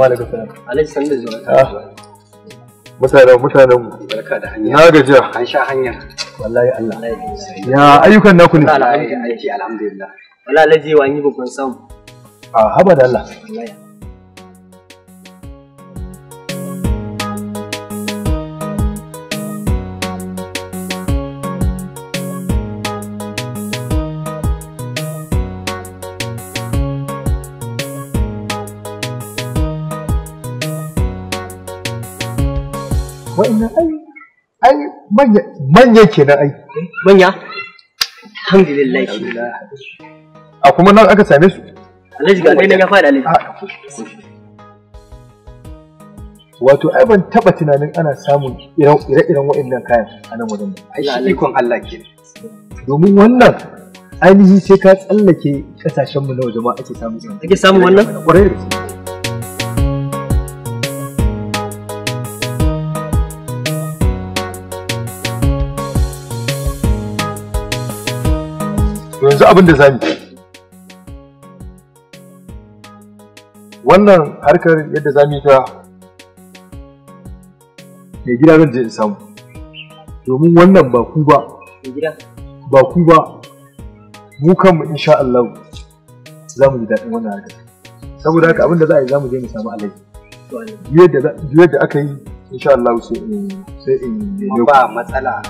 wa alaikum ah. barka da hanya na gajiya an sha hanya wallahi Allah ya ayyukan naku ne alhamdulillah wallahi wa yi babban samu a ah, haba da Allah wallahi manya manya kenan ai manya alhamdulillah a kuma nan aka same su alhaji ga nan ya fada alhaji wato ai ban taba tunanin ana samun ire-iren waɗannan kayan a nan wajen ai shi ikon Allah ke domin wannan ainihi sai ka tsallake kasashenmu na waje ma ake samun ake samun wannan kwarai da gaske yanzu abin da zamu wannan harkar yadda zamu yi ta mai gida zan je in samu domin wannan ba ku ba ba ku ba mu mu insha Allah za mu ji daɗin wannan harkar saboda haka abin da za a yi za mu je mu samu alai yadda aka yi insha Allah sai in yi. ba matsala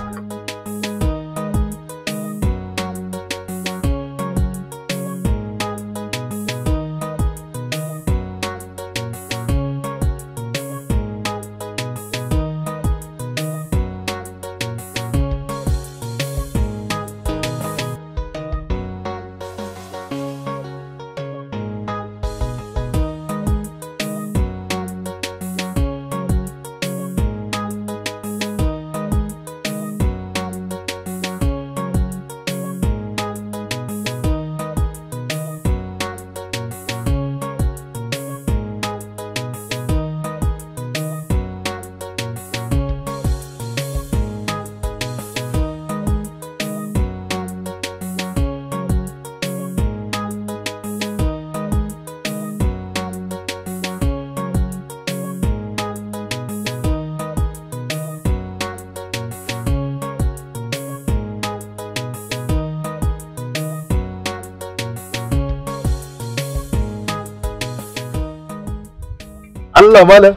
Allah mala.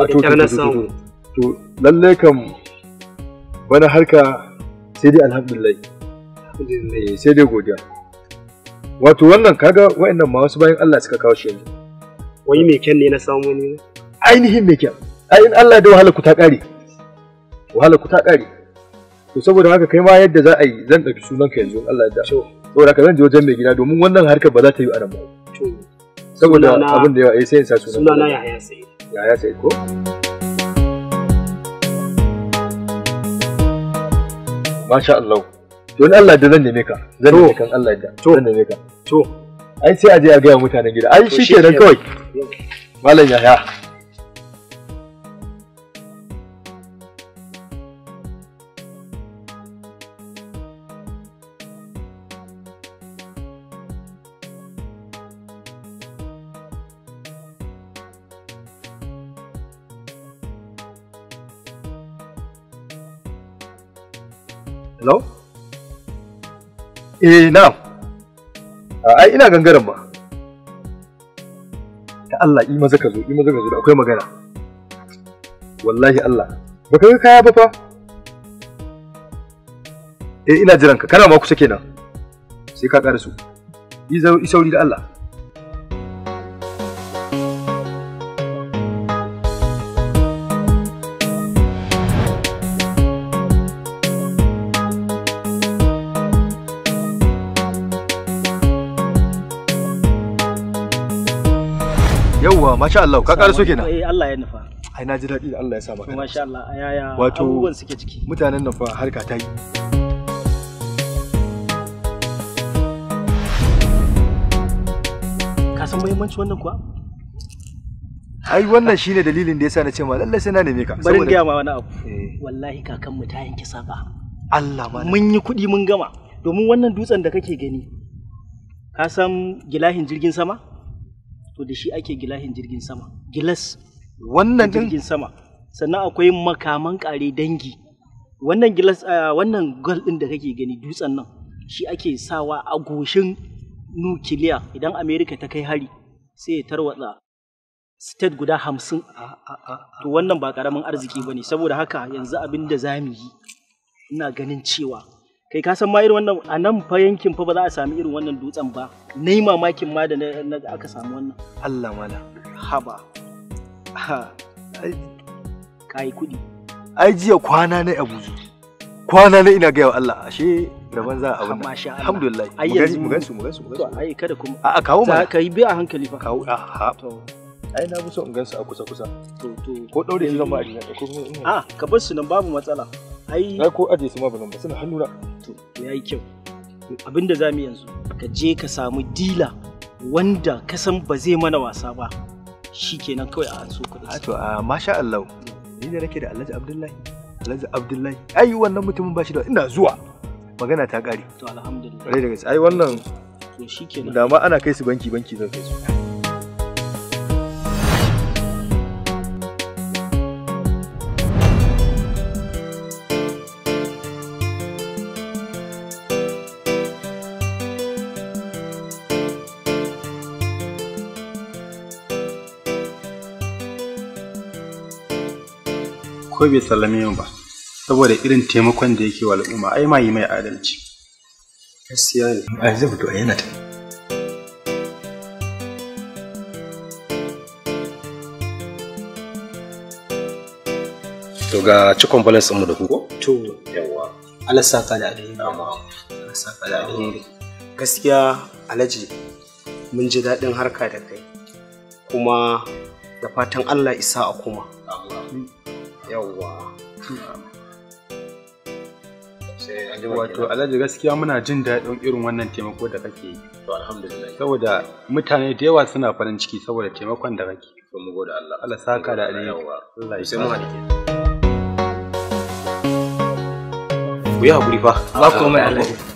a ah, to to lalle kam wani harka sai dai alhamdulillah eh, sai dai godiya wato wannan kaga wa'annan ma wasu bayan Allah suka kawo shi wai me kyan ne na samu ne ainihin me kyan ainihin Allah da wahala ku ta kare wahala ku ta kare to saboda haka kai ma yadda za a yi zan ɗauki sunan ka yanzu Allah ya da saboda haka zan je wajen mai gida domin wannan harkar ba za ta yi a nan ba saboda abin da yawa a eh, sai in sa sunan sunana Yahaya Said Yahaya ko Masha Allah don Allah da zan neme ka zan neme kan Allah da zan neme ka to ai sai a je a ga mutanen gida ai kenan kawai malam yaya! Eh na'am. Ai ina gangaren ba. Ta Allah i maza ka zo, i maza ka zo da akwai magana. Wallahi Allah, baka ga kaya ba fa? Eh ina jiranka, kana ma kusa kenan. Sai ka ƙara su. Yi sauri da Allah. Masha Allah, ka ƙara kenan. Eh Allah ya nufa. Ai na ji daɗi da Allah ya sa maka. Masha Allah, yaya abubuwan suke ciki. Mutanen nan fa harka ta yi. Ka san muhimmancin wannan kuwa? ai wannan shine dalilin da yasa na ce ma lallai sai na neme ka bari ga ma wani abu eh. wallahi kakan mu ta yanke saba Allah ma mun yi kuɗi mun gama domin wannan dutsen da kake gani ka san gilahin jirgin sama to da shi ake gilahin jirgin sama gilas wannan jirgin sama sannan akwai makaman kare dangi wannan gilas ah, wannan gwal din da kake gani dutsen nan shi ake sawa a goshin nukiliya idan amerika ta kai hari sai ya tarwatsa state guda hamsin to wannan ba karamin arziki ba ne saboda haka yanzu abin da za mu yi ina ganin cewa kai ka san ma irin wannan a nan fa yankin fa ba za a sami irin wannan dutsen ba na yi mamakin ma da na aka samu wannan Allah mana haba ka yi kuɗi ai jiya kwana na abuzu kwana na ina gaya wa Allah ashe daban za a abin alhamdulillah ai yanzu mu gansu mu gansu mu gansu ai kada kuma a kawo ma ka yi bi a hankali fa kawo a ha ai na fi in gansu a kusa kusa to to ko daure shi zan ba a ko a ka bar su nan babu matsala ai ai ko aje su ma ba suna hannuna to yayi kyau abinda za mu yanzu ka je ka samu dila wanda ka san ba zai mana wasa ba shikenan kawai a an so kuɗi ah, to a ah, masha Allah ni da nake da Alhaji Abdullahi Alhaji Abdullahi ai wannan mutumin ba shi da ina zuwa magana ta ƙare to alhamdulillah ai wannan to shikenan da ma ana kai su banki banki zan kai su kawai bai sallame mu ba saboda irin taimakon da yake wa al'umma ai ma yi mai adalci gaskiya ne a zai fito yana ta to ga cikon balance mu da ku ko to yawa Allah saka da alheri amma Allah saka da alheri gaskiya alaji mun ji daɗin harka da kai kuma da fatan Allah isa a kuma. yawwa wato alhaji gaskiya muna jin daɗin irin wannan taimako da kake yi saboda mutane da yawa suna farin ciki saboda taimakon da kake to mu gode Allah saka da alheri Allah ya sa ku yi hakuri fa ba komai alhaji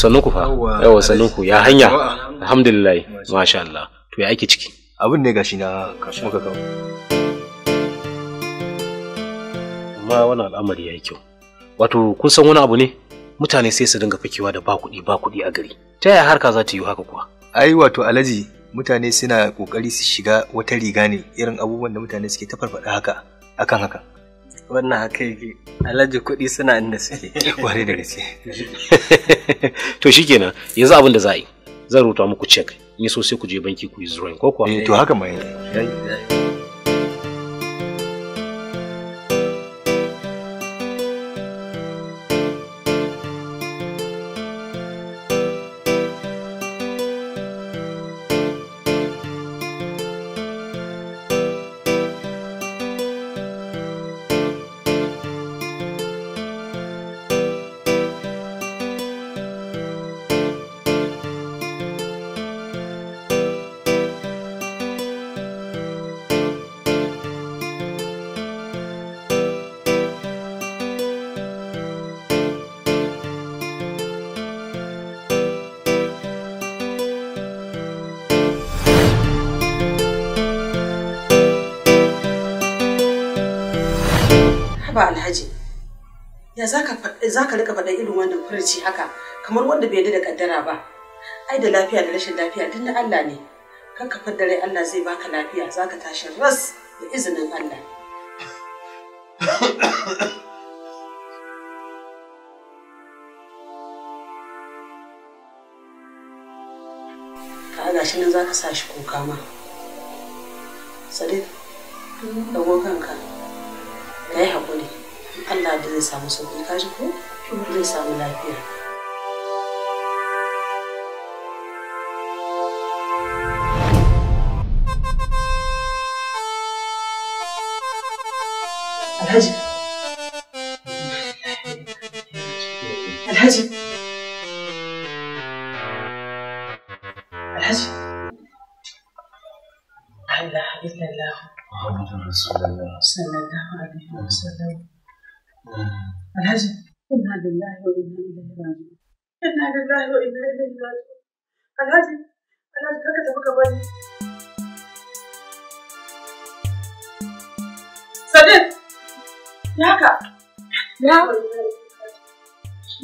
sannu ku fa yawa sannu ya hanya alhamdulillah masha Allah to ya ake ciki abin ne gashi na muka kawo amma wannan al'amari ya yi kyau wato kun san wani abu ne mutane sai su dinga fakewa da ba kuɗi ba kuɗi a gari ta yaya harka za ta yi haka kuwa ai wato alaji mutane suna kokari su shiga wata riga ne irin abubuwan da mutane suke ta haka akan haka wannan haka yake alhaji kuɗi suna inda suke kwarai da gaske to shikenan yanzu abin da za a yi zan rubuta muku cek ni so sai ku je banki ku yi zuwa ko kuwa eh, to haka mai yayi ya za ka rika faɗa irin wannan furci haka kamar wanda bai da kaddara ba ai da lafiya da rashin lafiya tun na Allah ne kan ka rai Allah zai baka lafiya za ka tashi ras da izinin Allah ka ga shi nan za ka sa shi kuka ma sadiq da mm-hmm. kanka ka yi haƙuri Allah da zai samu sauki ka ji ko zai samu lafiya Alhaji Alhaji Alhaji Allah Allah Muhammadu Rasulullah sallallahu alaihi wasallam Alhaji, inna lillahi wa inna ilaihi raji'un. Inna lillahi wa inna ilaihi raji'un. Alhaji, Alhaji kaka tafi ka bari. Sadiq, yaka. Ya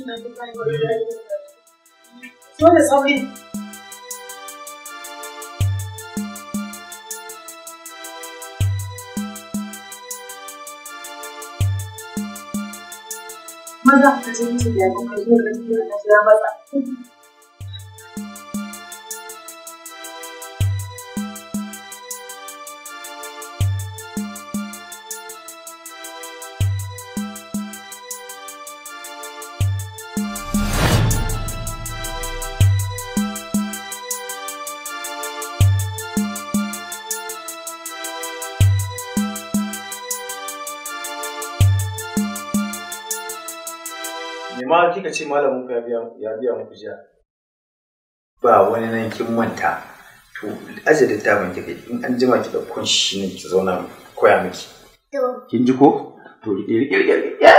Inna lillahi wa inna ilaihi raji'un. Dole maza a cikin su da ya kuma zuwa da su da ya matsa kuka ce malamin ka ya biya muku jiya ba wani nan kin manta to aje littafin ki kai in an jima ki da kun shi ne ki zauna koya miki kin ji ko to ya rike rike ya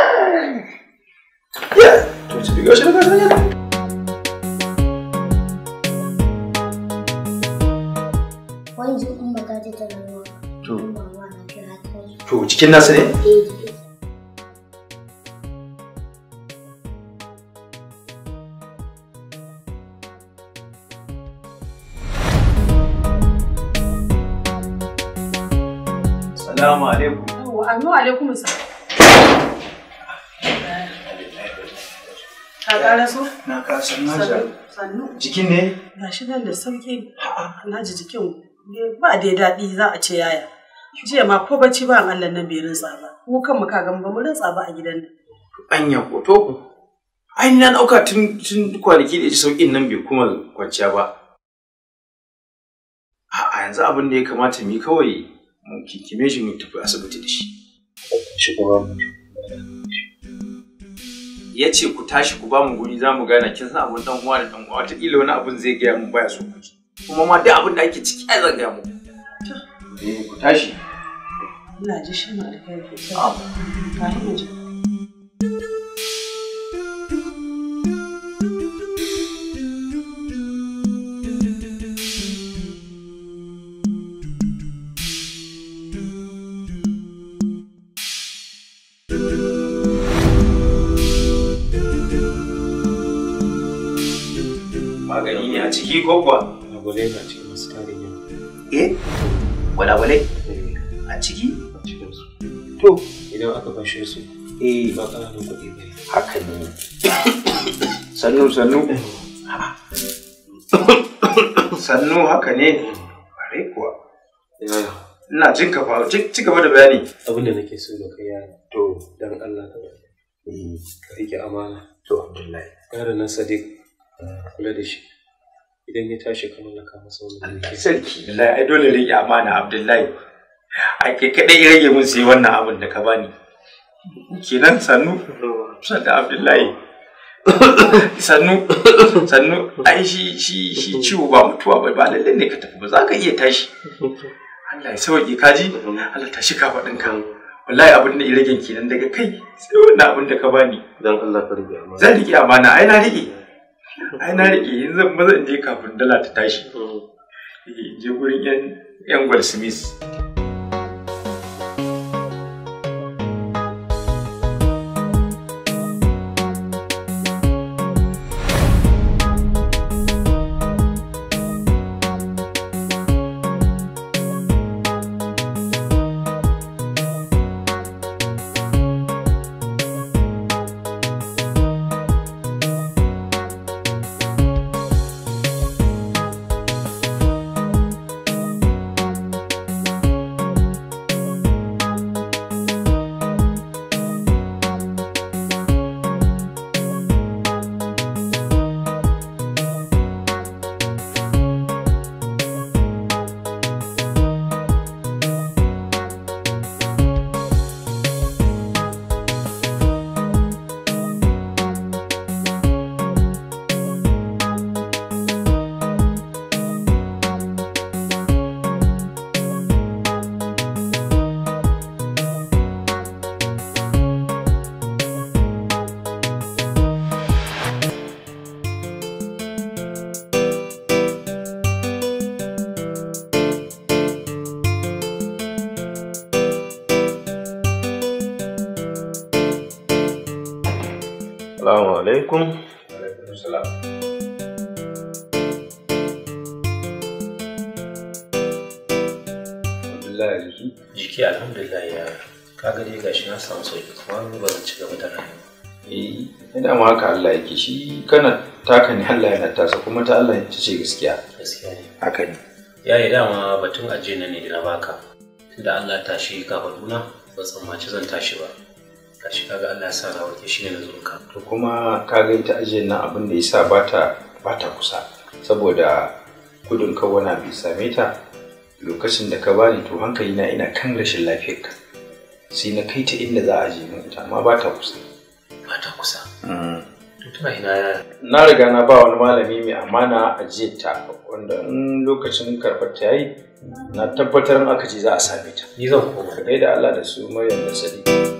to ci biyo shi da kan To cikin nasu ne? Eh. karaso? Na karaso na Sannu. Jikin ne? Ga shi nan da sauki. Na ji jikin ba dai daɗi za a ce yaya. Jiya ma ko bacci ba Allah nan bai rinsa ba. kanmu ka gan ba mu ba a gidan nan. Anya ko to ku. Ai na tun tun kwanaki da ji sauƙin nan bai kuma kwanciya ba. A yanzu abin da ya kamata mu yi kawai mu kikime shi mu tafi asibiti da shi. ya ce ku tashi ku ba mu guri za mu gana kin san abun dan uwa da dan uwa wataƙila wani abun zai gaya mu baya so ku ji kuma ma duk abin da ake ciki ai zan gaya mu eh, ku tashi ina ji shi ma da kai ke ji. ko kuwa? Gwalagwalai na cikin masu tarin yawa. Eh? Gwalagwalai? A ciki? A cikin su. To. Idan aka bashe su. Eh. Ba ƙananan kuɗi ba. Haka ne. Sannu sannu. Sannu haka ne. Bare kuwa. Ina jin ka da bayani. abinda da nake so da kai yara. To. Dan Allah ka eh. Ka amana. To Abdullahi. Yaron nan Sadiq. Kula da shi. idan ya tashi ka mallaka masa wani mulki sarki wallahi ai dole ya amana abdullahi a ke ya rage mun sai wannan abin da ka bani kenan sannu sannu abdullahi sannu sannu ai shi shi shi ciwo ba mutuwa ba ba lalle ne ka tafi ba za ka iya tashi Allah ya sauke kaji Allah tashi ka faɗin ka wallahi abin da rage kenan daga kai sai wannan abin da ka bani dan Allah ka rike amana zan rige amana ai na rige ai na yin zan je kafin dala ta tashi mm. in je gurin yan gwal smith maka Allah yake shi kana taka ne Allah yana tasa kuma ta Allah ya ce gaskiya gaskiya ne haka ne ya yi dama batun aje na ne na baka tunda Allah ta tashi ka baduna ba tsammaci zan tashi ba shi kaga Allah ya sa na warke shi ne na zuwa to kuma ga ita aje na abin da yasa bata bata kusa saboda gudun kawana bai same ta lokacin da ka bani to hankali na ina kan rashin lafiyar ka sai na kai ta inda za a je mun ita amma ba ta kusa ba ta kusa mm. na riga na ba wani malami mai amana a ta wanda in lokacin karfar ta yi na tabbatar aka ji za a same ta ni zan koma da Allah da su maryam da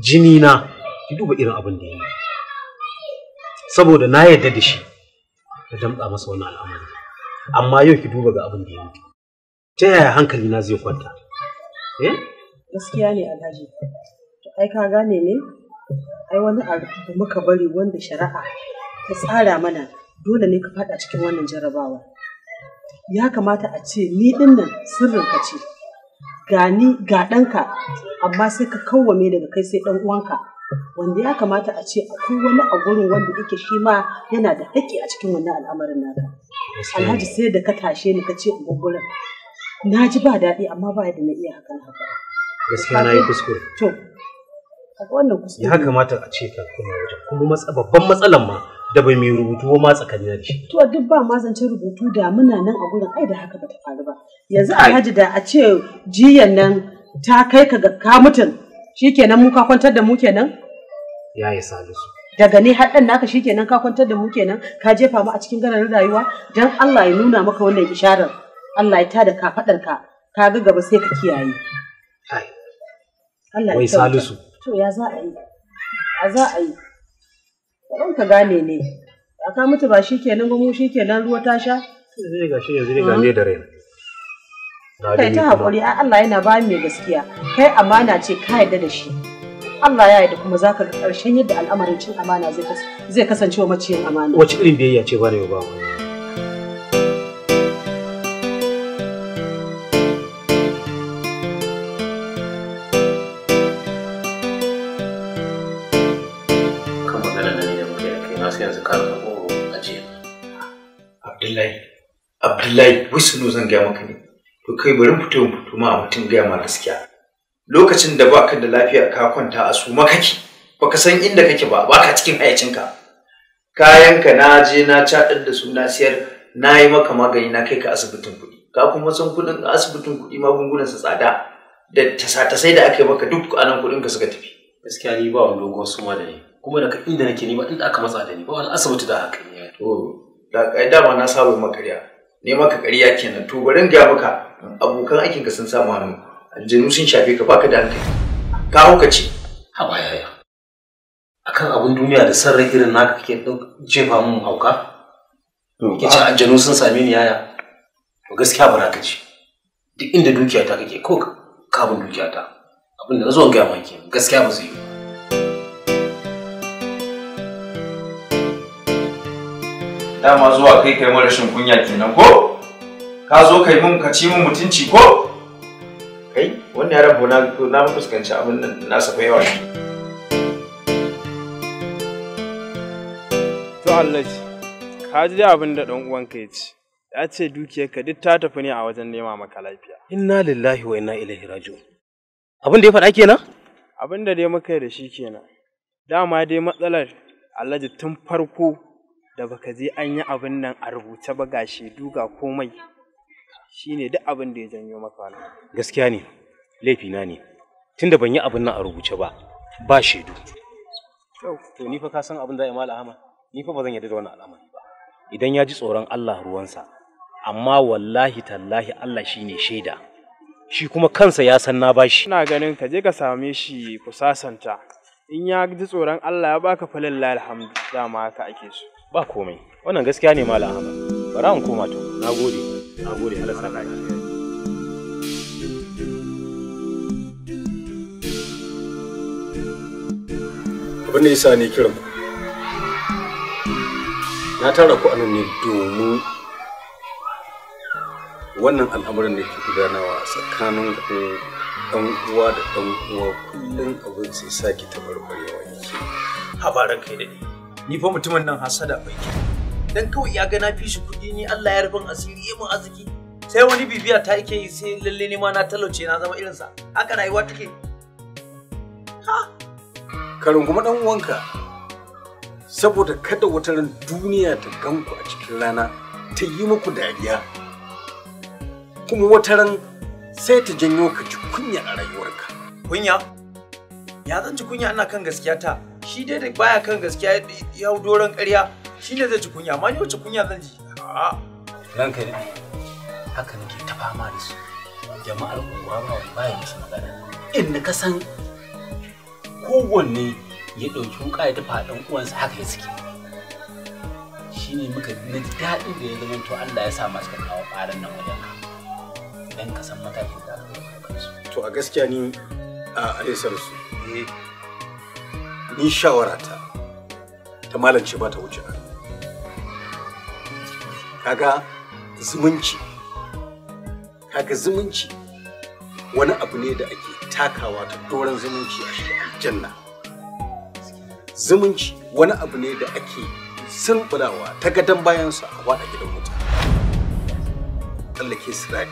jini na ki duba irin abin da ya saboda na yarda da shi da damɗa masa wannan al'amari amma yau ki duba ga abin da ya yi ta yaya hankali na zai kwanta eh gaskiya ne alhaji to ai ka gane ne ai wani abu muka bari wanda shari'a ta tsara mana dole ne ka faɗa cikin wannan jarabawa ya kamata a ce ni dinnan nan ka ce ga ni ga ɗanka amma sai ka kawwame daga kai sai ɗan uwanka wanda ya kamata a ce akwai wani a gurin wanda yake shi ma yana da haƙƙi a cikin wannan al'amarin naka alhaji sai da ka tashe ni ka ce a gurin na ji ba daɗi amma ba da na iya hakan haka gaskiya na yi kuskure to wannan kuskure ya kamata a ce ka kuma wajen kuma babban matsalan ma da bai mai rubutu ba ma tsakani da shi. To duk ba ma zance rubutu da muna nan a gurin ai da haka bata faru ba. Yanzu Alhaji da a ce jiyan nan ta kai ka ga ka mutum shikenan mu ka kwantar da mu kenan? Ya yi salisu. Daga ne haɗin naka shikenan ka kwantar da mu kenan ka jefa mu a cikin ganar rayuwa dan Allah ya nuna maka wannan isharar. Allah ya tada ka faɗar ka ka ga gaba sai ka kiyaye. Allah ya Wai salisu. To ya za a yi. A za a yi. Kaman ka gane ne. A ka mutu ba shi kenan ba mu shi kenan ruwa ta sha? Zai ga shi yanzu ne ga da rai Kai ta hakuri, a Allah yana ba mai gaskiya. Kai amana ce ka yarda da shi. Allah ya yarda kuma zaka ga ƙarshen yadda al'amarin cin amana zai kasance wa maciyin amana. Wace irin biyayya ce ba ne ba wani? Abdullahi Wisnu zan gaya maka ne. To kai bari fito fito ma mutum gaya ma gaskiya. Lokacin da baka da lafiya ka kwanta a suma kake. Baka san inda kake ba, baka cikin hayacinka. Kayanka na je na caɗar da su na siyar na yi maka magani na kai ka asibitin kuɗi. Ka kuma san kuɗin asibitin kuɗi magungunan su tsada da tasa-tasai da aka yi maka duk anan kuɗin ka suka tafi. Gaskiya ni ba wani dogon suma da ni. Kuma daga inda nake ni ba inda aka matsa da ni ba wani asibiti da haka. To, da dama na saba makarya. ne maka ƙarya kenan to barin ga maka abokan aikinka sun samu hannu aljanu sun shafe ka baka da hankali ka hauka ce ha ba yaya akan abin duniya da sarrai irin naka kake jefa mun hauka ke ce aljanu sun same ni yaya to gaskiya bara ka ce duk inda dukiya ta kake ko kabin dukiya ta abin da na zo ga maki gaskiya ba zai yi dama zuwa kai kai mun rashin kunya kenan ko ka zo kai mun ka ci mun mutunci ko kai wannan rabu na na fuskanci abin nan na safa yawa ne to Allah ka ji abin da dan uwanka ya ci ya ce dukiyarka duk ta tafi ne a wajen nema maka lafiya inna lillahi wa inna ilaihi raji'un abin da ya faɗa kenan abin da dai muka yi da shi kenan dama dai matsalar alhaji tun farko da baka je an yi abin nan a rubuce ba ga shaidu ga komai shine duk abin da ya janyo maka wannan gaskiya ne laifina ne tunda ban yi abin nan a rubuce ba ba shaidu to ni fa ka san abin da ya mala hama ni fa ba zan yarda da wannan al'amari ba idan ya ji tsoron Allah ruwansa amma wallahi tallahi Allah shine shaida shi kuma kansa ya san na bashi ina ganin ka je ka same shi ku sasanta in ya ji tsoron Allah ya baka falilla alhamdu dama haka ake so ba komai wannan gaskiya ne mala ahmad bari an koma to nagode nagode Allah saka ki abin da yasa ne kiran ku na tara ku anan ne domin wannan al'amuran da ke gudanawa tsakanin dan uwa da dan uwa kullum abin sai sake tabarbarewa yake habaran kai da ni ni fa mutumin nan hasada bai ke dan kawai ya ga na fi shi kuɗi ni Allah ya rufin asiri ya mun arziki sai wani bibiya ta yake yi sai lalle ni ma na talauce na zama irinsa haka rayuwa take ha Ka kuma dan uwanka saboda kada wata ran duniya ta ganku a cikin rana ta yi muku dariya kuma wata ran sai ta janyo ka ji kunya a rayuwarka kunya ya zan ji kunya ana kan gaskiya ta shi dai da baya kan gaskiya ya doron ƙarya shi ne zai ci kunya amma ni wace kunya zan ji ranka ne haka nake ta fama da su jama'ar unguwa ba wani baya musu magana inda ka san kowanne ya ɗauki wuƙa ya tafa ɗan uwansa haka ya suke shi ne muka na daɗin da ya zama to Allah ya sa masu kawo ƙarar nan wajen ka idan ka san matakin da ka ɗauka to a gaskiya ni a aresar su ni shawarata ta malance ba ta wuce nan kaga zumunci kaga zumunci wani abu ne da ake takawa ta doron zumunci a shi janna. zumunci wani abu ne da ake sulbulawa ta gadon bayansa a wada gidan wuta tsallake sirari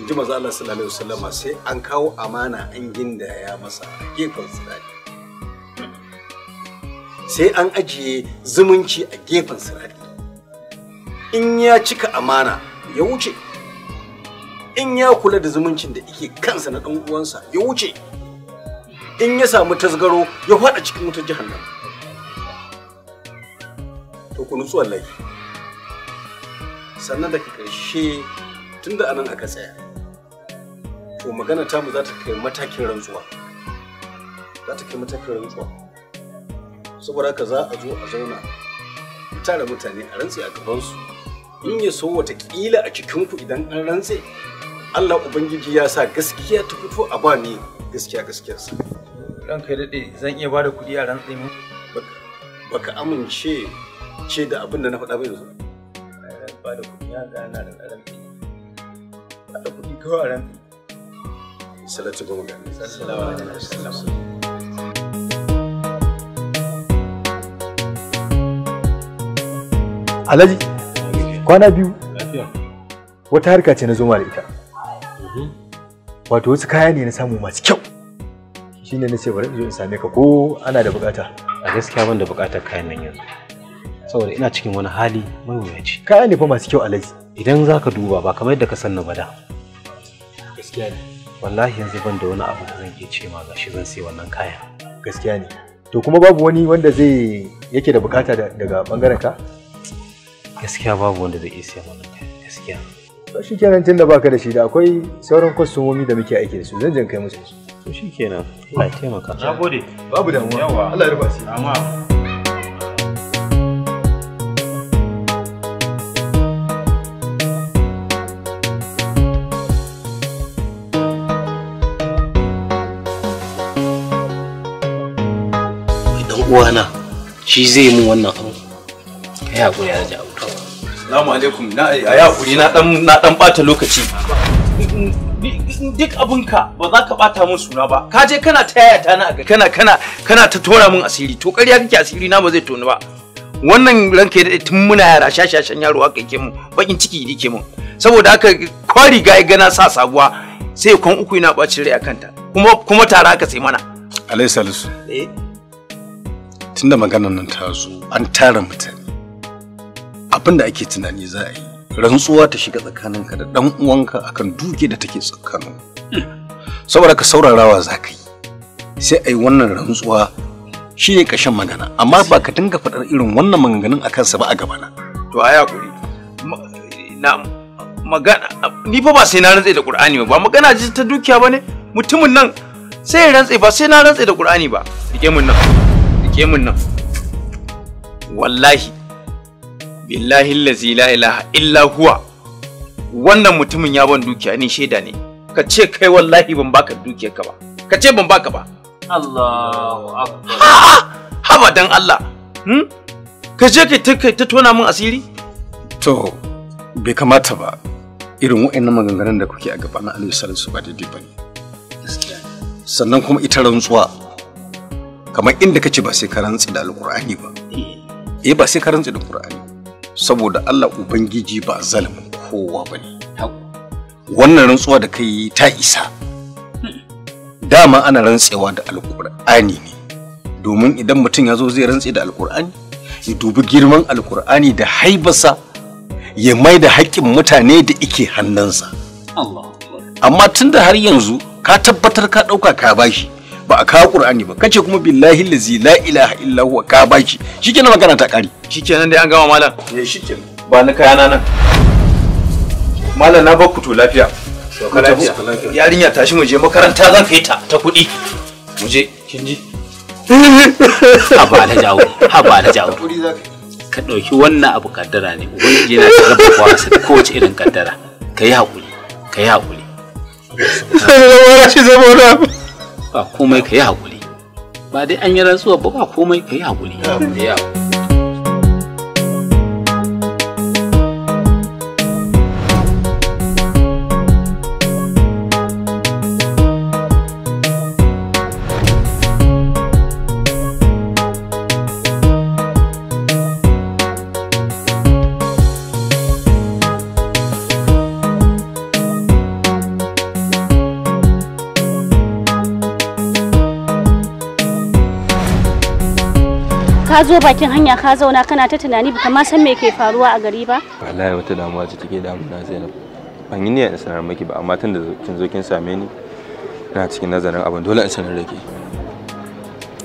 in ji maza Allah sallallahu alaihi wasallama sai an kawo amana an gindaya masa a gefen sirari sai an ajiye zumunci a gefen sirari in ya cika amana ya wuce in ya kula da zumuncin da yake kansa na ɗan uwansa ya wuce in ya samu tasgaro ya faɗa cikin wutar jahannam to ku nutsu wallahi sannan daga ƙarshe tunda anan aka tsaya to magana tamu za ta kai matakin rantsuwa za ta kai matakin rantsuwa saboda haka za a zo a zauna da mutane a rantse a gabansu in ya so watakila a cikinku idan an rantse Allah Ubangiji ya sa gaskiya ta fito a ba ni gaskiya gaskiyarsa. Ran kai daɗe zan iya ba da kuɗi a rantse mu? Baka amince ce da abin da na faɗa ba yanzu. Ba da kuɗi ya ga na da rantse. a da kuɗi kawai a rantse. Salatu goma ga alaihi wasallam. Alhaji kwana biyu wata harka ce na zoma da ita. Wato wasu kaya ne na samu masu kyau. Shine na ce bari in zo in same ka ko ana da bukata. A gaskiya ban da bukatar kayan nan yanzu. Saboda ina cikin wani hali mai ce. Kaya ne fa masu kyau Alhaji. Idan za ka duba ba kamar yadda ka san na bada. Gaskiya ne. Wallahi yanzu ban da wani abu da zan iya ce ma gashi zan sai wannan kaya. Gaskiya ne. To kuma babu wani wanda zai yake da bukata daga bangaren ka? gaskiya babu wanda zai iya mana gaskiya shi kenan tunda baka da shi da akwai sauran kwastomomi da muke aiki da su zan jan kai musu to shi kenan Allah ya taimaka na gode babu damuwa yawa Allah ya rufa shi amma uwana shi zai mun wannan abu kai hakuri ya jawo Assalamu alaikum. Na a hakuri na dan na dan bata lokaci. Duk abinka ba za ka bata min suna ba. Ka je kana ta na a kana kana kana ta tora min asiri. To ƙarya kake asiri na ba zai toni ba. Wannan ranka da tun muna yara shashashan yaro haka yake mun bakin ciki yake mun. Saboda haka kwari ga ga na sa sabuwa sai kwan uku ina bacin rai akan ta. Kuma kuma tara aka sai mana. Alai Salisu. Eh. Tunda maganar nan ta zo an tara mutane. abin da ake tunani za a yi rantsuwa ta shiga tsakaninka da dan uwanka akan duke da take tsakanin saboda ka saurarawa za ka yi sai a yi wannan rantsuwa shi ne ƙashin magana amma ba ka dinga faɗar irin wannan maganganun a kansa ba a gabana to a yaƙuri na magana ni fa ba sai na rantse da ƙur'ani ba magana ji ta dukiya ba ne mutumin nan sai ya rantse ba sai na rantse da ƙur'ani ba riƙe mun nan riƙe mun nan wallahi billahi lazi la ilaha illa huwa wannan mutumin ya ban dukiya ni shaida ne ka ce kai wallahi ban baka dukiya ka ba ka ce ban baka ba Allahu akbar haba dan Allah hmm? ka je kai ta tona min asiri to bai kamata ba irin wa'annan maganganun da kuke a gaba na Alaihi wasallam ba daidai ba ne. Sannan kuma ita rantsuwa kamar inda kace ba sai ka rantsi da alqur'ani ba. Eh, eh ba sai ka rantsi da alqur'ani saboda Allah Ubangiji ba zalimin kowa ba ne. Wannan rantsuwa da kai ta isa. Dama ana rantsewa da Alƙur'ani ne, domin idan mutum ya zo zai rantse da Alƙur'ani, ya dubi girman Alƙur'ani da haibasa ya mai da haƙƙin mutane da ike hannunsa. Amma tun da har yanzu ka tabbatar ka ɗauka ka bashi. ba a kawo qur'ani ba kace kuma billahi lazi la ilaha illa huwa ka baki shikenan magana ta kare shikenan dai an gama malam eh shikenan ba ni kayana nan malam na bakku to lafiya sauka lafiya yarinya tashi mu je makaranta zan kai ta ta kudi. mu je kin ji haba alhaji jawo haba kudi awo ka ɗauki wannan abu kaddara ne ubangiji yana da rabawa ko kowace irin kaddara ka yi haƙuri ka yi haƙuri shi zama wani abu ba komai ka yi haƙuri ba dai an yi rantsuwa ba ba komai ka yi haƙuri ka zo bakin hanya ka zauna kana ta tunani ba ma san me ke faruwa a gari ba wallahi wata damuwa ce take damuna Zainab ban yi niyyar sanar miki ba amma tun da kin zo kin same ni ina cikin nazarin abin dole in sanar da ke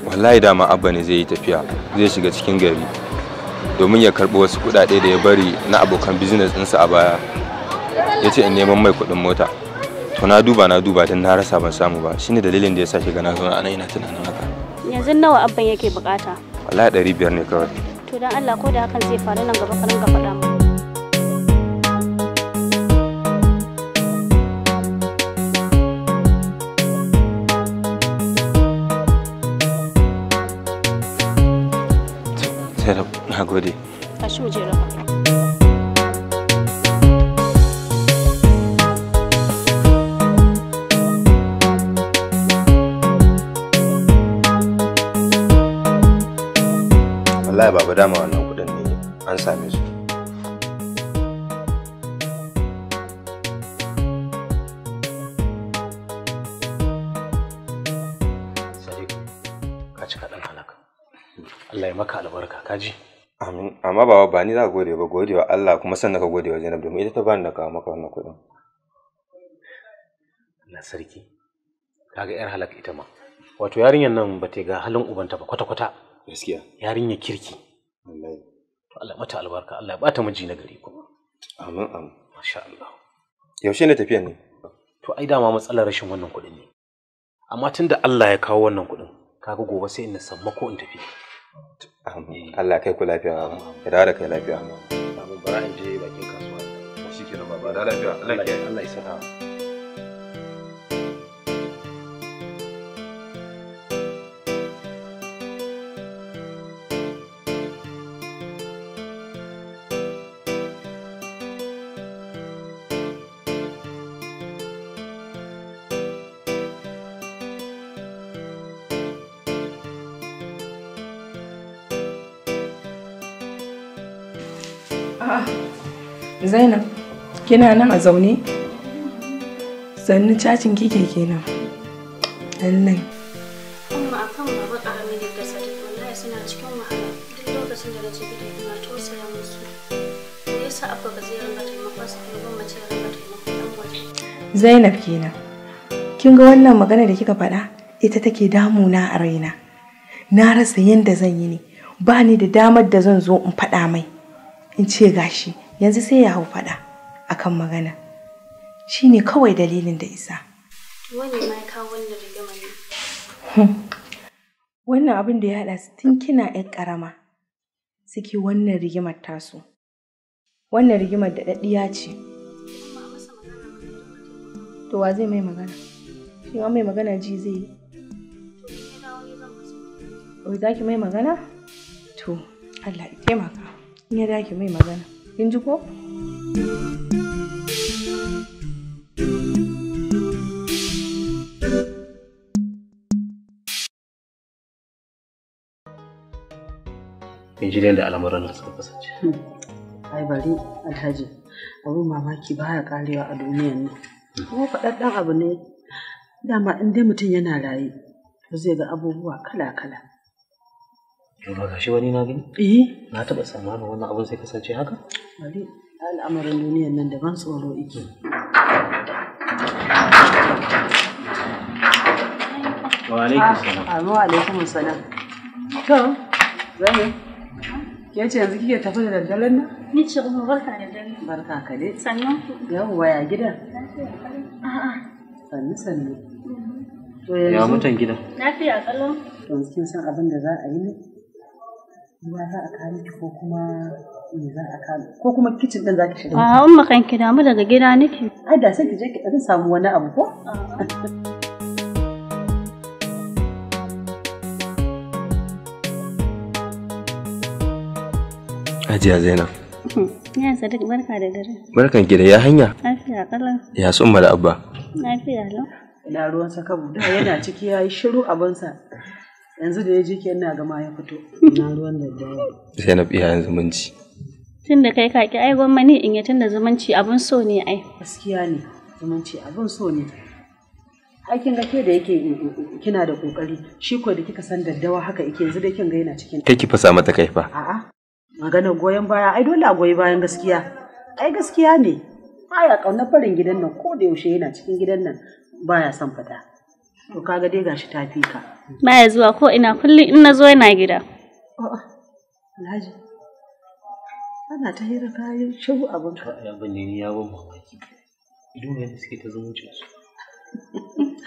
wallahi dama abba ne zai yi tafiya zai shiga cikin gari domin ya karɓi wasu kuɗaɗe da ya bari na abokan business ɗinsa a baya ya ce in neman mai kuɗin mota to na duba na duba don na rasa ban samu ba shine dalilin da ya sa shiga na zauna ana ina tunanin haka yanzu nawa abban yake bukata ya ɗari biyar ne kawai. To dan Allah ko da hakan zai faru nan gaba ka gaba na gode. mu dama wannan kudin ne an same su Allah ya maka albarka kaji amin amma baba ba ni za ka gode ba gode wa Allah kuma sannan ka gode wa Zainab domin ita ta bani da kawo maka wannan kuɗin na sarki kaga yar halaka ita ma wato yarinyar nan ba ta ga halin ubanta ba kwata-kwata gaskiya yarinyar kirki wallahi mata albarka Allah ya bata miji na gari kuma amin amin masha Allah yaushe ne tafiyan ne to ai dama matsalar rashin wannan kuɗin ne amma da Allah ya kawo wannan kuɗin kaga gobe sai in san mako in tafi Allah kai ku lafiya ya dawo da kai lafiya amin bara in je bakin kasuwa shi kenan baba da lafiya Allah ya Allah ya Zainab, kina nan a zaune? Sannu cacin kike kenan. Lallai. Amma akan da wallahi suna cikin Zainab kenan. Kin ga wannan magana da kika faɗa ita take damu na a raina. Na rasa yadda zan yi ne. Ba ni da damar da zan zo in faɗa mai. In ce gashi yanzu sai ya hau faɗa akan magana shi ne kawai dalilin da isa wani wannan hmm. wannan abin da ya haɗa su tun kina 'yan ƙarama suke wannan rigimar tasu wannan rigimar da ɗaɗɗiya ce to wa zai mai magana shi ma mai magana ji zai yi o za ki mai magana to allah ya taimaka in ya da ki mai magana kin ji ko kin da al'amuran nan suka kasance hmm. ai bari alhaji abin mamaki ba ya karewa a duniyan ne. Hmm. kuma faɗaɗɗen abu ne dama in dai mutum yana raye to zai ga abubuwa kala-kala to ba gashi wani na gani eh na taba tsammanin wannan abin sai kasance haka bari al'amarin duniyar nan ban tsoro yake wa alaikum salam ah, wa alaikum salam to zai ke ce yanzu kike tafi da daddalen nan? Ni ce kuma barka da dare. Barka ka dai. Sannan ku. Yawwa waya gida? A'a. Sannu sannu. Mhm. To yanzu. Ya mutan gida? Lafiya kallon. To kin san abin da za a yi ne? ruwa za a kawo miki ko kuma me za a ko kuma kicin din za ki shiga a umma kan ki damu daga gida nake ai da sai ki je ki dan samu wani abu ko Hajiya Zainab. Ya Sadiq barka da dare. Barkan ki da ya hanya. Lafiya Ya summa abba. Lafiya lau. Ina ruwan yana ciki yayi shiru abinsa. yanzu da ya ji kenan ga ma ya fito na ruwan daddawa Zainab iyayen zumunci tun da kai kaki ai gwamnati in ya tunda zumunci abun so ne ai gaskiya ne zumunci abun so ne aikin ga ke da yake eh, eh, eh, kina da kokari shi ko da kika san daddawa haka yake yanzu da kin ga yana cikin kai ki fasa mata kai fa a'a maganar goyon baya ai dole a goyi bayan gaskiya ai gaskiya ne baya kaunar farin gidan nan ko da yaushe yana cikin gidan nan baya son fata To kaga dai gashi ta fi ka. Baya zuwa ko ina kullum in na zo yana gida. Alhaji. Ana ta hira kayan shagu abin. Abin ne ni ya ban mamaki. Ido ne da suke ta zumunci su.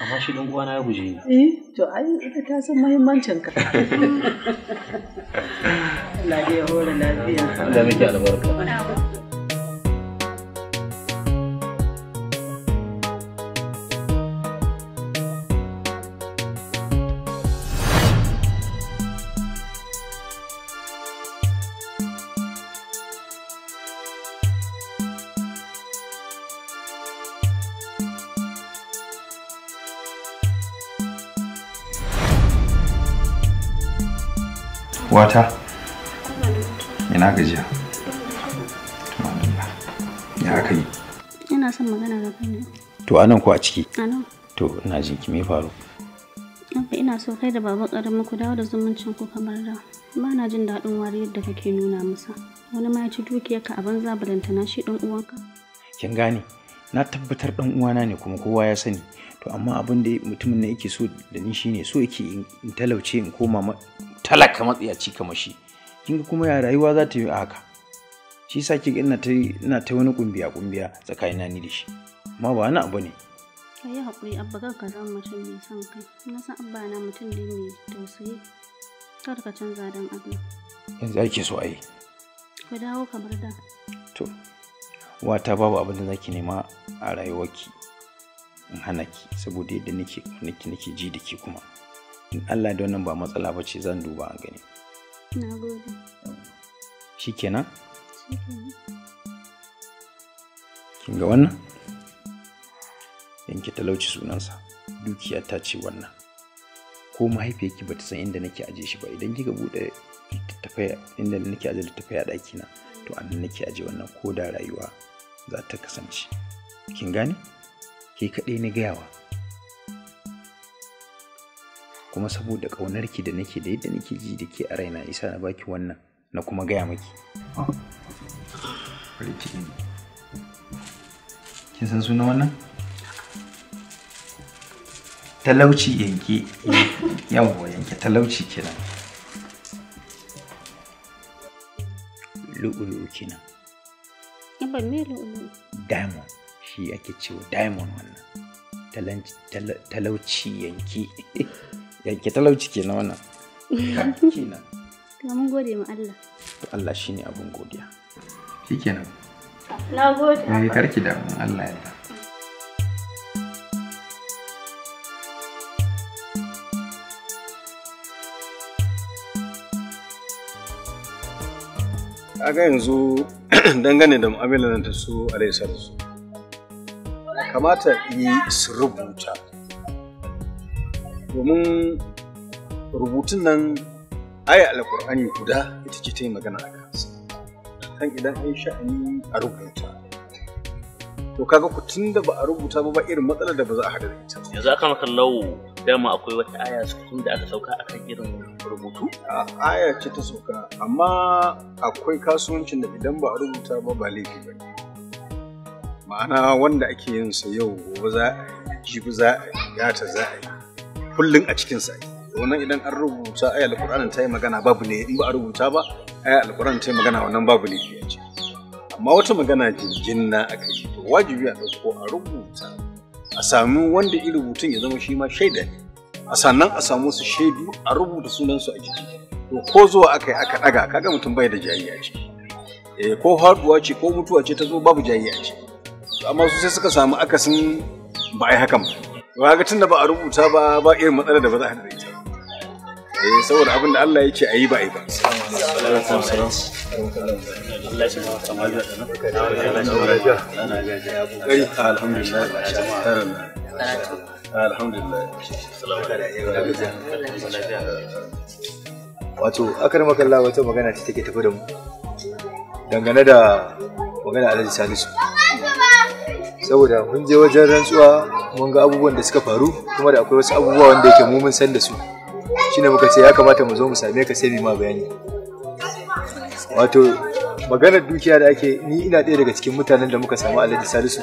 Amma shi ɗan uwana ya guje ni. Eh, to ai ita ta san muhimmancin ka. Allah ya hore lafiya. Allah miki albarka. ƙawata ina gajiya ya aka yi ina son magana da kai to anan ko a ciki anan to ina jin ki me faru ina so kai da baba karamin ku dawo da zumuncin ku kamar da ba na jin daɗin wariyar da kake nuna masa wani ma ya ci dukiyarka a banza balantana shi ɗan uwanka kin gane na tabbatar ɗan uwana ne kuma kowa ya sani to amma abin da mutumin na yake so da ni shine so yake in talauce in koma talaka ci kamar shi kin ga kuma ya rayuwa za ta yi a haka shi sa ki ina ta ina ta wani kumbiya kumbiya tsakanina ni da shi amma ba wani abu ne yi hakuri abba kan ka zama mutum mai son kai na san abba na mutum ne mai tausayi kar ka canza don Allah yanzu ake so a yi ku dawo kamar da to wata babu abin da zaki nema a rayuwarki in hana ki saboda yadda nake nake ji da ke kuma in Allah da wannan ba matsala ba ce zan duba a gani na gode shikenan kin ga wannan yanke talauci sunansa dukiya ta ce wannan ko mahaifiyarki bata san inda nake aje shi ba idan kika bude littattafai inda nake aje littattafai a ɗakina na to nan nake aje wannan ko da rayuwa za ta kasance kin gane ke kaɗai na gayawa kuma saboda ƙaunarki da nake da yadda nake ji da ke a raina isa na baki wannan na kuma gaya maki kin san suna wannan talauci yanke yawon yanke talauci kenan lu'ulu'u kenan in ban me lu'ulu'u diamond shi ake cewa diamond wannan talauci yanke yanke talauci ke na wannan kenan mun gode ma Allah to Allah ne abin godiya Shi ke nan. na gode ne karki da Allah ya ga yanzu dangane da mu'amalar ta su alaihi kamata yi su rubuta domin rubutun nan aya alkur'ani guda ita ce ta yi magana a kansa kan idan an sha'ani a rubuta to kaga ku tun da ba a rubuta ba ba irin matsalar da ba za a hada da ita yanzu aka maka lawo dama akwai wata aya tun da aka sauka akan irin rubutu a aya ce ta sauka amma akwai kasuwancin da idan ba a rubuta ba ba laifi ba ma'ana wanda ake yin sa yau gobe za a yi jibi za a yi gata za a yi kullum a cikin sa wannan idan an rubuta ayat alqur'anin ta magana babu ne in ba a rubuta ba ayat alqur'anin ta yi magana wannan babu ne ya amma wata magana jinjina na aka yi to wajibi a dauko a rubuta a sami wanda i rubutun ya zama shi ma shaida ne a sannan a samu su shaidu a rubuta sunansu a jiki to ko zuwa aka yi aka ɗaga kaga mutum bai da jayayya ce eh ko haduwa ce ko mutuwa ce ta zo babu jayayya ce amma su sai suka samu akasin ba ai yi hakan ba ba ga tunda ba a rubuta ba ba irin matsalar da ba za a da ita eh, saboda abin da Allah yake ayi ba ayi ba wato akar makalla wata magana ta take tafi da mu dangane da magana alhaji salisu saboda mun je wajen rantsuwa mun ga abubuwan da suka faru kuma da akwai wasu abubuwa wanda yake mu mun san da su shine muka ce ya kamata mu zo mu same ka sai mu bayani wato maganar dukiya da ake ni ina ɗaya daga cikin mutanen da muka samu alhaji salisu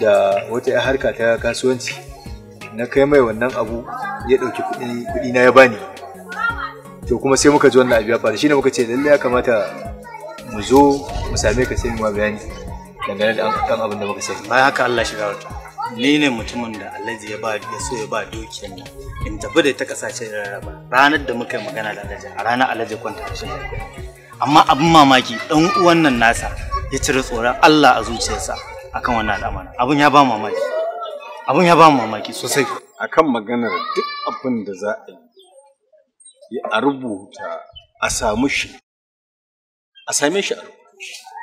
da wata 'ya harka ta kasuwanci na kai mai wannan abu ya ɗauki kuɗi na ya bani to kuma sai muka ji wannan abu ya faru shine muka ce lallai ya kamata mu zo mu same ka sai mu bayani dangane da kan abin da muka sai bai haka Allah shi wata ni ne mutumin da Allah ya ba ya so ya ba dukiyar nan in tafi da ta kasashe raba ranar da muka yi magana da Alhaji a ranar Alhaji kwanta rashin amma abin mamaki dan uwan nan nasa ya cire tsoron Allah a zuciyarsa akan wannan al'amarin abin ya ba mamaki abin ya ba mamaki sosai akan maganar duk abin da za a yi a rubuta a samu shi a same shi a rubuta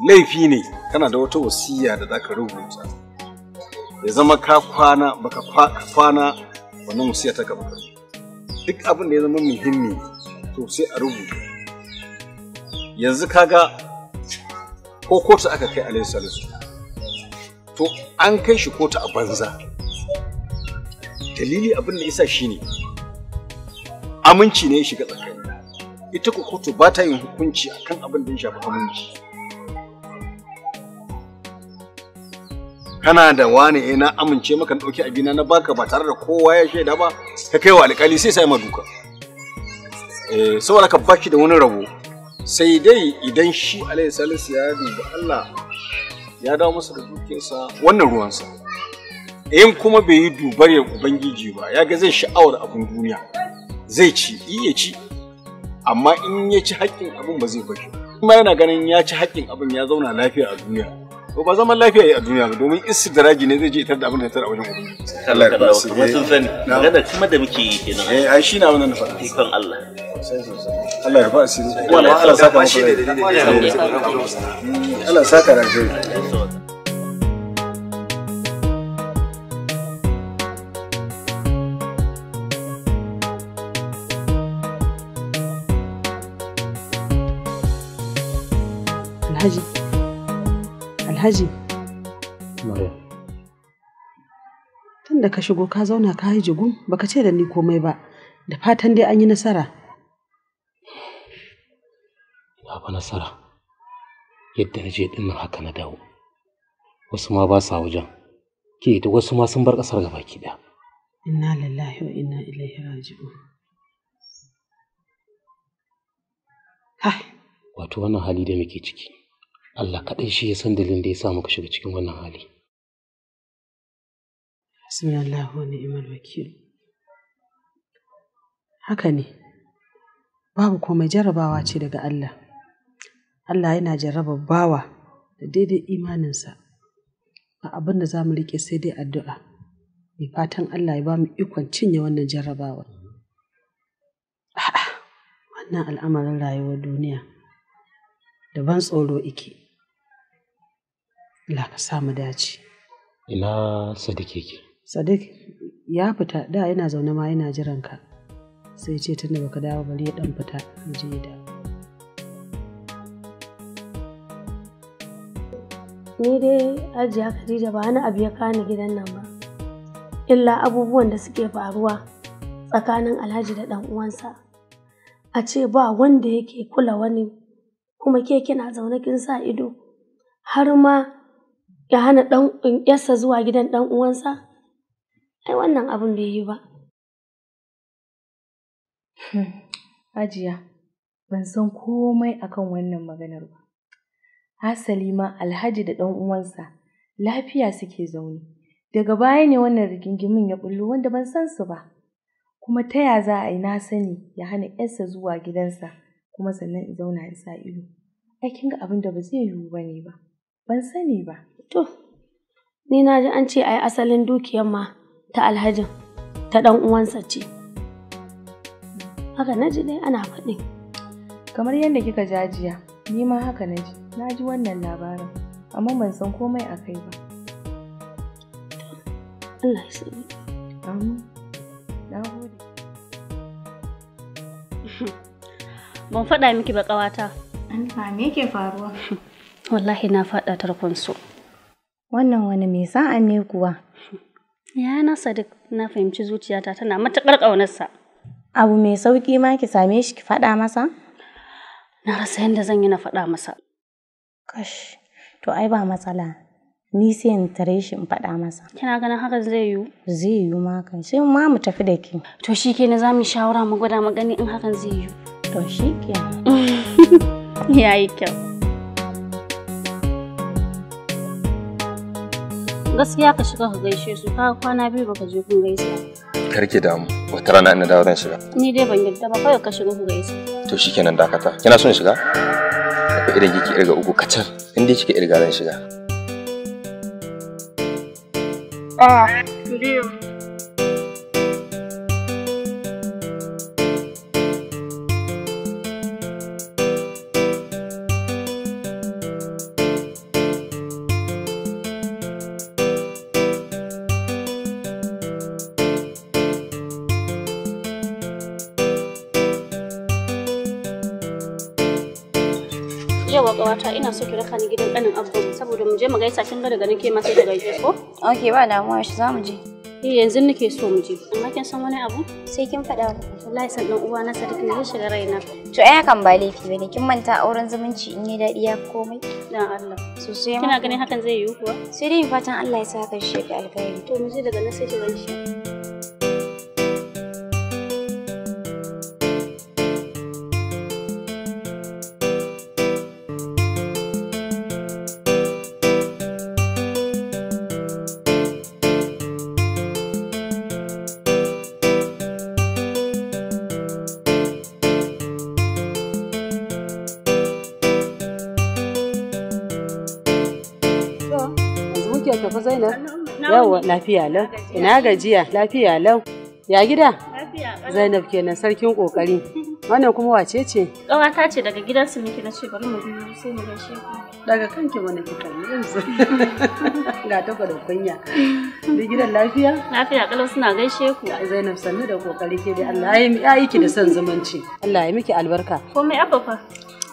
laifi ne kana da wata wasiya da za ka rubuta ya zama ka kwana baka kwana wannan wasiya ta gaba duk abin da ya zama muhimmi to sai a rubuta yanzu kaga ko kotu aka kai alayhi salisu to an kai shi kotu a banza dalili abin da isa shine aminci ne ya shiga tsakani ita ko kotu ba ta yin hukunci akan abin da ya shafi aminci kana da wani eh na amince maka na dauki abina na baka ba tare da kowa ya shaida ba ka kai wa alƙali sai sai maduka eh saboda ka baki da wani rabo sai dai idan shi alayhi salisu ya da Allah ya dawo masa da dukiyarsa wannan ruwansa in kuma bai yi dubar ya ubangiji ba ya ga zai sha'awar abin duniya zai ci iya ci amma in ya ci haƙƙin abin ba zai bashi kuma yana ganin ya ci haƙƙin abin ya zauna lafiya a duniya ko ba zaman lafiya a duniya ba domin ragi ne zai je itar da abin da tara a wajen ubangiji Allah ya basu kuma sun sani eh, magana kuma da muke yi kenan eh ai shine abin da na ikon Allah Allah ya ba asiri kuma Allah saka maka Allah saka rafi Alhaji. Tun da ka shigo ka zauna ka yi jigun baka ce da ni komai ba, da fatan dai an yi nasara. Baba nasara, yadda na je dinnan haka na dawo. Wasu ma ba sa wajen, ke da wasu ma sun bar ƙasar gaba ki ɗaya. Inna lillahi wa inna ilaihi raji'un. Wato wannan hali da muke ciki. Allah kaɗai shi ya san dalilin da ya sa muka shiga cikin wannan hali. Hasbunallahu wa ni'mal wakil. Haka ne. Babu komai jarrabawa ce daga Allah. Allah yana jarraba bawa da daidai imaninsa. Ba abin da za mu riƙe sai dai addu'a. Mai fatan Allah ya ba mu ikon cinye wannan jarrabawa. A'a, wannan al'amarin rayuwar duniya. Da ban tsoro ike. Allah ka sa mu dace ina sadiq yake sadiq ya fita da yana zaune ma yana jiran ka sai ce tunda baka dawo bari ya dan fita je da ni dai ajiya Khadija ba wani abu ya kani gidan nan ba illa abubuwan da suke faruwa tsakanin Alhaji da dan uwansa a ce ba wanda yake kula wani kuma ke kina zaune kin sa ido har ma ya hana ɗan yarsa zuwa gidan ɗan uwansa ai wannan abin bai yi ba hmm, hajiya ban san komai akan wannan maganar ba hasali ma alhaji da ɗan uwansa lafiya suke zaune daga baya ne wannan rigingimin ya bullo wanda ban san su ba kuma ta ya za a yi na sani ya hana yarsa zuwa gidansa kuma sannan in zauna in sa ido ai kin ga abin da ba zai yiwu ba ne ba ban sani ba To, ni na ji an ce ai asalin dukiyar ma ta alhajin ta dan uwansa ce. Haka na ji dai ana faɗi. Kamar yadda kika jajiya, ni ma haka na ji, na ji wannan labarin, amma ban san komai a kai ba. Allah ya sabi. Na gode. Ban faɗa miki ba ƙawata. An me ke faruwa? Wallahi na faɗa tarkon su. Wannan wani mai sa'an ne kuwa? Ya na Sadiq na fahimci zuciyata tana matuƙar ƙaunarsa. Abu mai sauƙi ma ki same shi ki faɗa masa? Na rasa yadda zan yi na faɗa masa. Kash, to ai ba matsala. Ni sai in tare shi in faɗa masa. Kina ganin hakan zai yiwu? Zai yiwu ma kan. Sai ma mu tafi da ke. To shi ke na za mu shawara mu gwada mu gani in hakan zai yiwu. To shi ke. Yayi kyau. gaskiya ka shiga ka gaishe su ka kwana biyu baka je kun gaisa kar ki damu wata rana ina dawo zan shiga ni dai ban yarda ba kawai ka shiga ku gaisa to shikenan dakata kina son shiga da irin kike irga uku kacal in dai kike irga zan shiga ɗaya ah, biyu kula da ganin ke ma da gaishe ko? Ok ba damuwa shi za je. Eh yanzu nake so mu je. Amma kin san wani abu? Sai kin faɗa. Wallahi san dan uwa na Sadiq ne ya shiga raina. To ai hakan ba laifi bane. Kin manta auren zumunci in yi daɗi ya komai. Dan Allah. So sai Kina ganin hakan zai yiwu kuwa? Sai dai fatan Allah ya sa hakan shi da alkhairi. To mu je daga nan sai ki gaishe. Lafiya lau. Ina gajiya. Lafiya lau. Ya gida? Zainab kenan sarkin kokari. Wannan kuma wace ce? Ƙawata ce daga gidan su miki na ce bari mu biyu sai mu gaishe ku. Daga kanki wani ki kalli yanzu. Ga ta gwada kunya. Da gidan lafiya? Lafiya kalau suna gaishe ku. Zainab sannu da kokari ke da Allah ya yi ki da son zumunci. Allah ya miki albarka. Komai abba fa?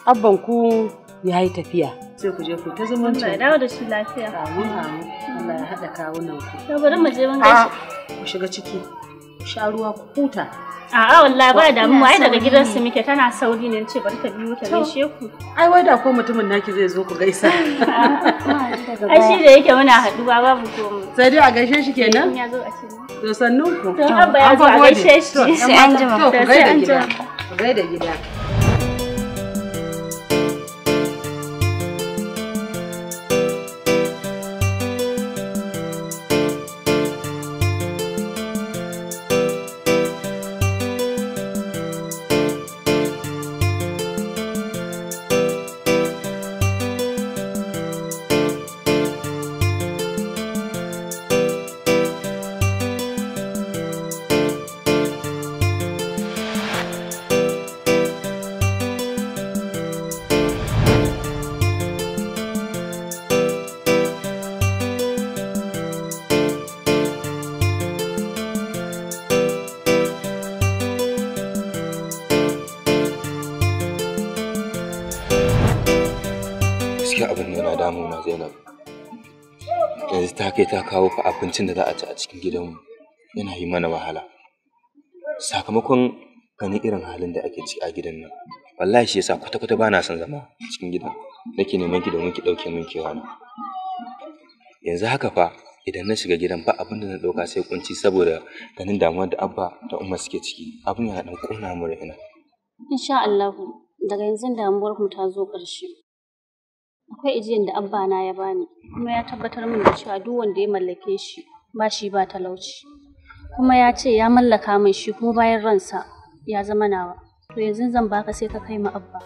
Abban ku ya yi tafiya. sai ku je ku ta zumunci Allah ya dawo da shi lafiya amin amin Allah ya haɗa kawunan ku to bari mu je mun ah, gaishe ku shiga ciki ku sha ruwa ku huta A'a wallahi ba da mu ai daga gidan su muke tana sauri ne ce bari ta biyo ta gaishe ku. Ai wai da ko mutumin naki zai zo ku gaisa. Ai shi da yake muna haduwa babu komai. Sai dai a gaishe shi kenan? In Ya zo a ce. To sannu ku. To abba ya zo a gaishe shi. Sai an jima. To ku gaida gida. Ku gaida gida. kawo fa abincin da za a ci a cikin gidanmu yana yi mana wahala sakamakon ganin irin halin da ake ci a gidan nan wallahi shi yasa kwata-kwata ba na son zama cikin gidan nake neman ki domin ki ɗauke min kewa na yanzu haka fa idan na shiga gidan ba abin da na ɗauka sai kunci saboda ganin damuwar da abba da umma suke ciki abin yana ɗan ƙona mu raina insha Allah daga yanzu damuwar mu ta zo ƙarshe akwai ajiyan da abba na ya bani kuma ya tabbatar min da cewa duk wanda ya mallake shi ba shi ba talauci kuma ya ce ya mallaka min shi kuma bayan ransa ya zama nawa to yanzu zan baka sai ka kai ma abba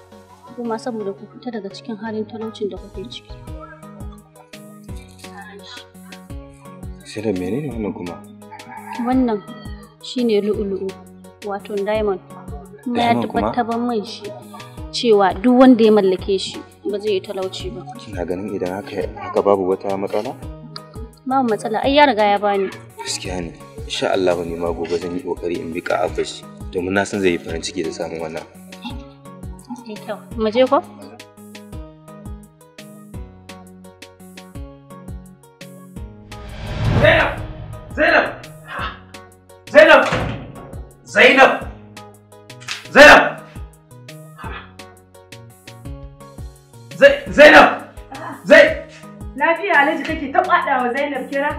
kuma saboda ku fita daga cikin halin talaucin da kuke ciki sai da menene wannan kuma wannan shine lu'ulu'u wato diamond kuma ya tabbatar min shi cewa duk wanda ya mallake shi ba zai yi talauci ba kina ganin idan haka haka babu wata matsala babu matsala ai ya riga ya bani gaskiya ne insha Allah ne ma gobe zan yi kokari in bi ka shi domin na san zai yi farin ciki da samun wannan mai kyau mu je ko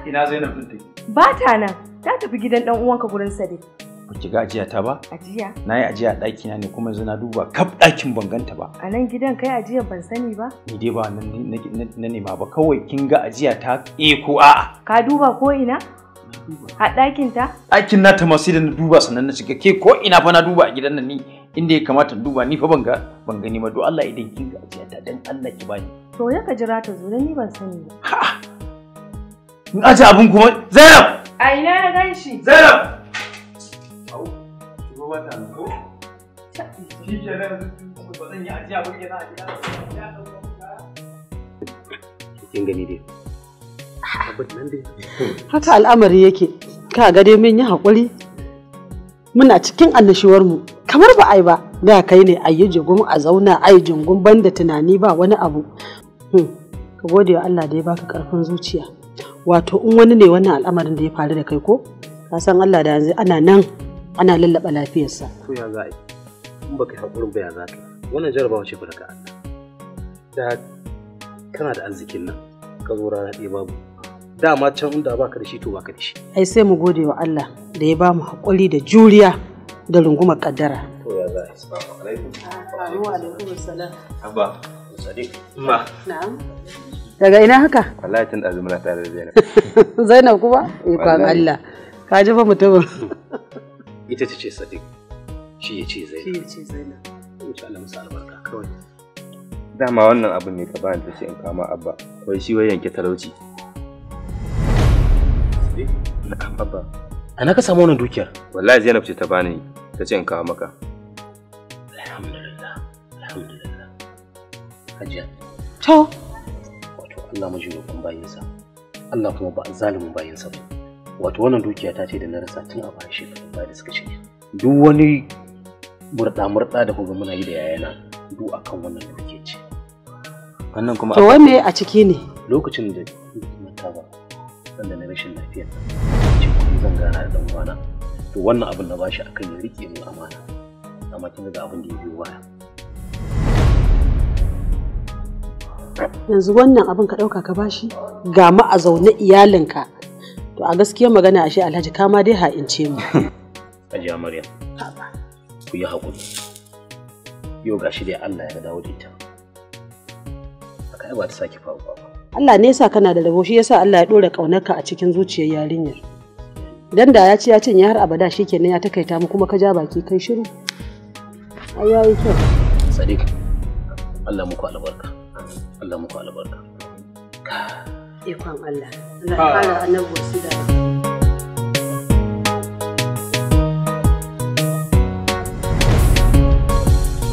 Ina Zainab din take? Ba ta nan, ta tafi gidan dan uwanka gurin dai. Ba ki ga ajiya ta ba? Ajiya. Na yi ajiya a ɗakina na ne kuma yanzu na duba kaf ɗakin ban ganta ba. A nan gidan kai ajiya ban sani ba? Ni dai ba na nema ba kawai kin ga ajiya ta eh ko a'a. Ka duba ko ina? A ɗakin ta? Ɗakin nata ma sai da na duba sannan na shiga ke ko ina fa na duba a gidan nan ni inda ya kamata in duba ni fa ban ga ban gani ma do Allah idan kin ga ajiya ta dan Allah ki bani. To ya ka jira ta zo ni ban sani ba. In aje abin kuma Zainab! A ina na gan shi? Zainab! Au, shigo wata ko? Shi ke nan ba zan yi ajiya ba a gida. Kin gani dai. Haka al'amari yake, ka ga dai mun yi haƙuri muna cikin annashuwarmu kamar ba ai ba da kai ne a yi jigun a zauna a yi jingun banda tunani ba wani abu. Hmm, ka gode wa Allah da ya baka ƙarfin zuciya. wato in wani ne wannan al'amarin da ya faru da kai ko ka san Allah da yanzu ana nan ana lallaba lafiyarsa to ya za a yi in baka hakurin ba ya za ka wannan wace ce daga Allah da kana da arzikin nan ka zo rana ɗaya babu dama can inda baka da shi to baka da shi ai sai mu gode wa Allah da ya ba mu hakuri da juriya da rungumar kaddara to ya za a yi assalamu alaikum wa alaikum assalam abba sadiq ma na'am daga ina haka wallahi tun da zumuna tare da Zainab Zainab kuma ikon Allah ka ji fa mutumin ita ta ce Sadiq shi ya ce Zainab shi ya ce Zainab insha Allah musu albarka kawai dama wannan abin ne ka ba ta ce in kama abba wai shi wai yanke talauci na'am abba ana ka samu wannan dukiyar wallahi Zainab ce ta bani ta ce in kawo maka alhamdulillah alhamdulillah hajiya to Allah mashi roƙon sa, Allah kuma ba zalimin sa ba wato wannan dukiya ta ce da na rasa tun a bayan shekarun baya da suka ce duk wani murɗa-murɗa da kuma muna yi da yayana duk akan wannan dukiya ce wannan kuma to wai me a ciki ne lokacin da mata ba sanda na rashin lafiya ce kuma zan gana da dan uwana to wannan abin na bashi akan ya rike min amana amma kin ga abin da ya biyo baya yanzu wannan abin ka ɗauka ka bashi ga ma a zaune iyalinka to a gaskiyar magana ashe alhaji kama dai ha'ince mu ajiya maryam ku yi hakuri yau ga shi dai allah ya dawo da ita haka ba ta sake faruwa ba allah ne yasa kana da rabo shi yasa allah ya ɗora ƙaunarka a cikin zuciyar yarinyar dan da ya ci ya cinye har abada shikenan ya takaita mu kuma ka ja baki kai shiru ai yayi kyau sadiq allah muku albarka Allah muku albarka ikon Allah Allah kara annabi su da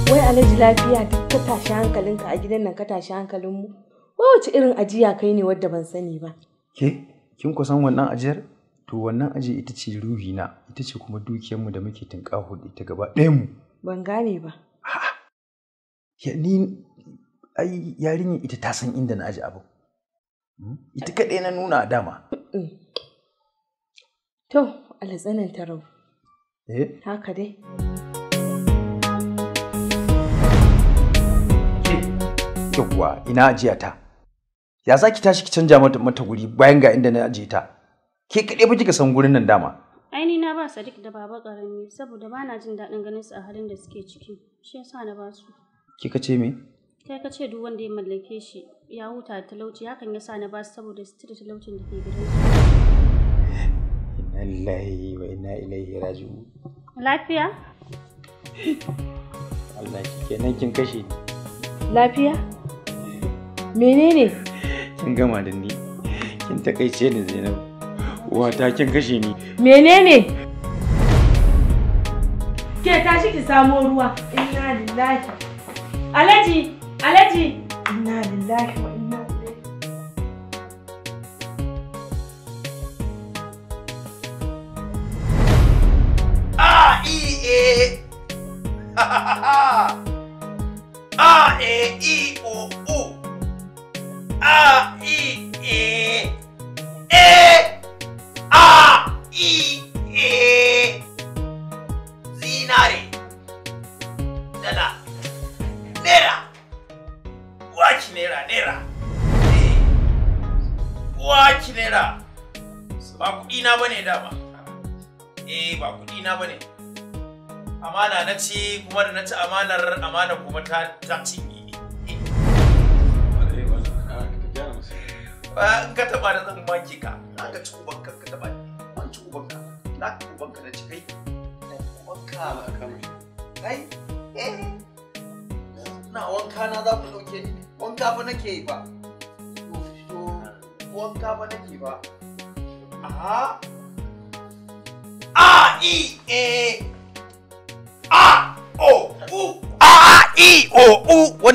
wai alaji lafiya ka tashi hankalinka a gidan nan ka tashi hankalinmu wace irin ajiya kai ne wadda ban sani ba ke kin san wannan ajiyar to wannan aji ita ce ruhi na ita ce kuma dukiyarmu da muke tunƙaho da ita gaba mu. Ban gane ba. A'a, ya ni ai yarinyar ita ta san inda na ji abu ita kaɗai na nuna dama to alatsanin tarau eh haka dai yawwa ina ajiya ta ya za ki tashi ki canja mata mata guri bayan ga inda na ajiye ta ke kaɗai ba kika san gurin nan dama aini na ba sadik da baba karami saboda bana jin daɗin ganin su a halin da suke ciki shi yasa na ba su kika ce me Kai ka ce duk wanda ya mallake shi ya huta da talauci hakan ya sa na ba su saboda su cire talaucin da ke gidan su. Ina lillahi wa ina ilaihi raju. Lafiya? Allah ki kenan kin kashe ni. Lafiya? Menene? Kin gama da ni. Kin takaice ni Zainab. Wata kin kashe ni. Menene? Ke tashi ki samo ruwa. Inna lillahi. Alhaji, alaji Inna lillahi wa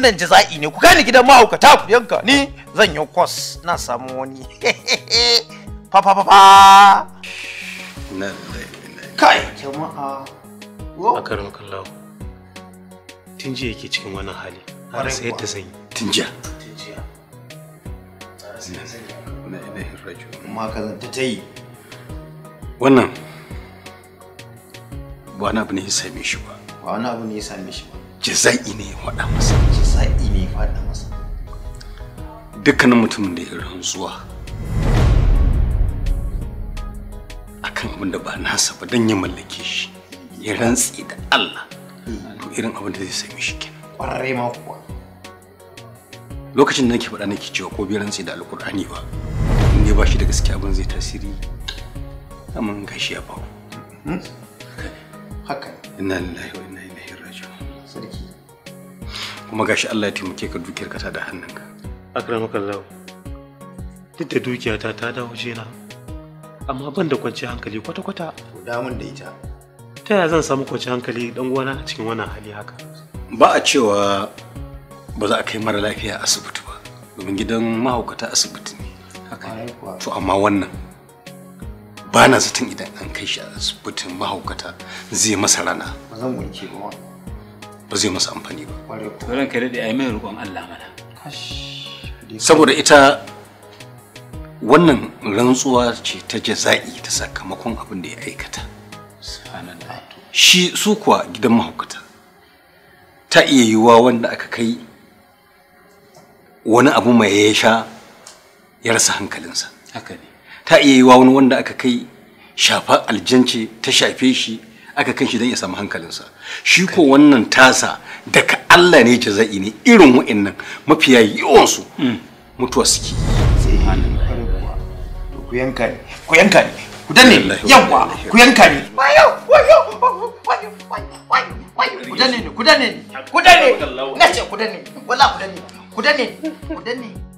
wannan jaza'i ne ku gane gidan mahaukata ku yanka ni zan yi kwas na samu wani fa fa fa fa kai jama'a a karin kallahu tun jiya yake cikin wani hali har sai yadda zan yi tun na ilahin rajo ma ka zanta ta yi wannan ba wani abu ne ya same shi ba ba wani abu ne ya same shi ba jaza'i ne ya faɗa masa jaza'i ne ya faɗa masa dukkanin mutumin da ya rantsuwa akan abin da ba nasa ba don ya mallake shi ya rantsi da Allah to irin abin da zai sami shi kenan ƙwararre ma kuwa lokacin da nake faɗa nake cewa ko bai rantsi da alƙur'ani ba in dai ba shi da gaskiya abin zai tasiri amma gashi ya faru hmm? haka inna lillahi wa kuma gashi Allah ya taimake ka dukiyar ka ta da hannunka akramaka Allah duk da dukiyata ta dawo jena amma ban da kwanci hankali kwata kwata da mun da ita ta yaya zan samu kwanci hankali dan uwana a cikin wannan hali haka ba a cewa ba za a kai mara lafiya asibiti ba domin gidan mahaukata asibiti ne to amma wannan ba na zaton idan an kai shi asibitin mahaukata zai masa rana ba zan wanke ba ba zai masa amfani ba ran ka daɗe ai mai roƙon Allah mana saboda ita wannan rantsuwa ce ta jaza'i ta sakamakon abin da ya aikata shi su kuwa gidan mahaukata ta iya yiwuwa wanda aka kai wani abu mai ya sha ya rasa hankalinsa ta iya yiwuwa wani wanda aka kai shafa aljance ta shafe shi aka kai shi don ya samu hankalinsa shi ko wannan tasa daga Allah ne jaza'i ne irin wa'annan mafiya su mutuwa suke ku yanka ne ku yanka ne ku danne yawa ku yanka ne ku danne ku danne ku danne na ce ku danne wala ku danne ku danne ku danne